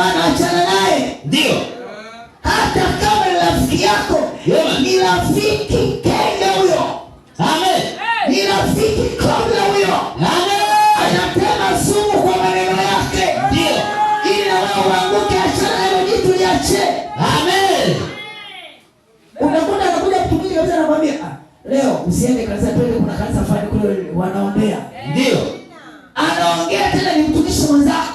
maana achana naye. Ndio, hata kama ni rafiki yako, ni rafiki Kenya huyo, amen, ni rafiki kabla huyo, amen, anatema sumu kwa maneno yake, ndio, ili na wao waanguke. Achana nayo, jitu liache, amen. Unakuta anakuja kutumia kabisa, anakwambia ah, leo usiende kanisa, twende kuna kanisa fulani kule wanaombea, ndio, anaongea tena, ni mtumishi mwenzako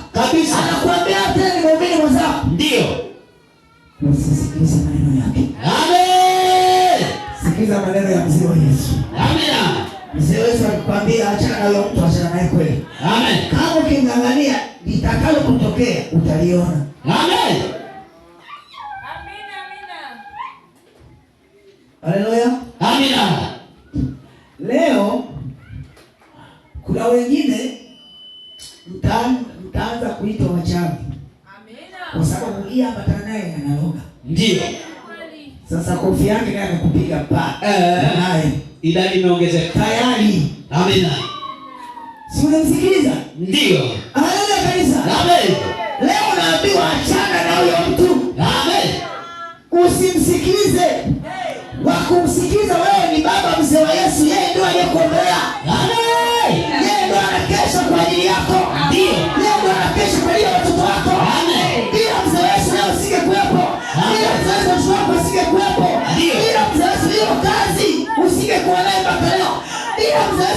sikiliza maneno yake. Amen. Sikiliza maneno ya mzee wa Yesu. Amen. Mzee wa Yesu alikwambia achana na yule mtu, achana naye kweli. Amen. Kama uking'ang'ania litakalo kutokea utaliona. Amen. Haleluya. Amina. Leo kuna wengine mtaanza kuitwa wachawi. Amina. Kwa sababu hii ambatana naye analoga. Ndio. Sasa kofi yake naye akakupiga pa. Eh, idadi imeongezeka. Tayari. Amina. Si unamsikiliza? Ndio. Anaenda kanisa. Amen. Leo naambiwa achana na huyo mtu. Amen. Usimsikilize. Wakumsikiliza wewe ni baba mzee wa Yesu, yeye ndio aliyekuwa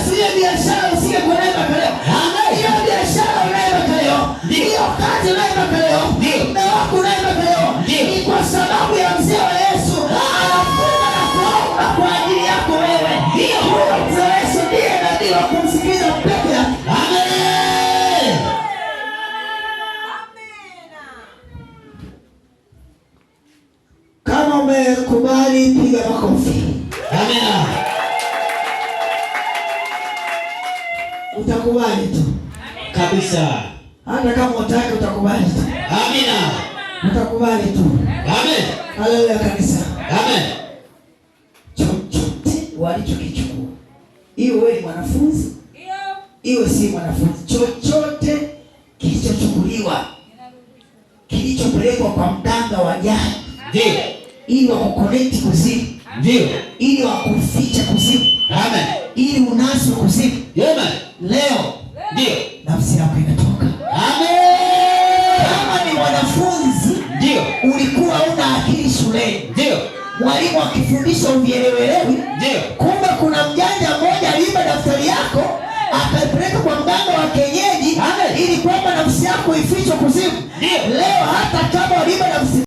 Siyo biashara usiyokuwa nayo mpaka leo, hiyo biashara unayo mpaka leo, hiyo kazi unayo mpaka leo, mume wako unayo mpaka leo, ni kwa sababu ya mzee wa Yesu anafunga na kuomba kwa ajili yako wewe. Huyo mzee wa Yesu ndiye nabii wa kumsikiliza mpeke yake. Amen. Kama umekubali piga makofi. Amen. utakubali tu kabisa, hata kama utaki utakubali tu. Amina, utakubali tu. Amen, haleluya kanisa. Amen, chochote walichokichukua, iwe wewe mwanafunzi, iwe si mwanafunzi, chochote kilichochukuliwa, kilichopelekwa kwa mganga wa jadi, ndio ili wakukonekti kuzimu, ndio ili wakuficha kuzimu, amen, ili unaswe kuzimu, ndio leo ndio nafsi yako inatoka. Amen. Kama ni wanafunzi ndio ulikuwa una akili shuleni, ndio mwalimu akifundisha uvielewelewi, ndio kumbe kuna mjanja mmoja aliiba daftari yako akapeleka kwa mganga wa kienyeji ili kwamba nafsi yako ifichwe kuzimu. Ndio.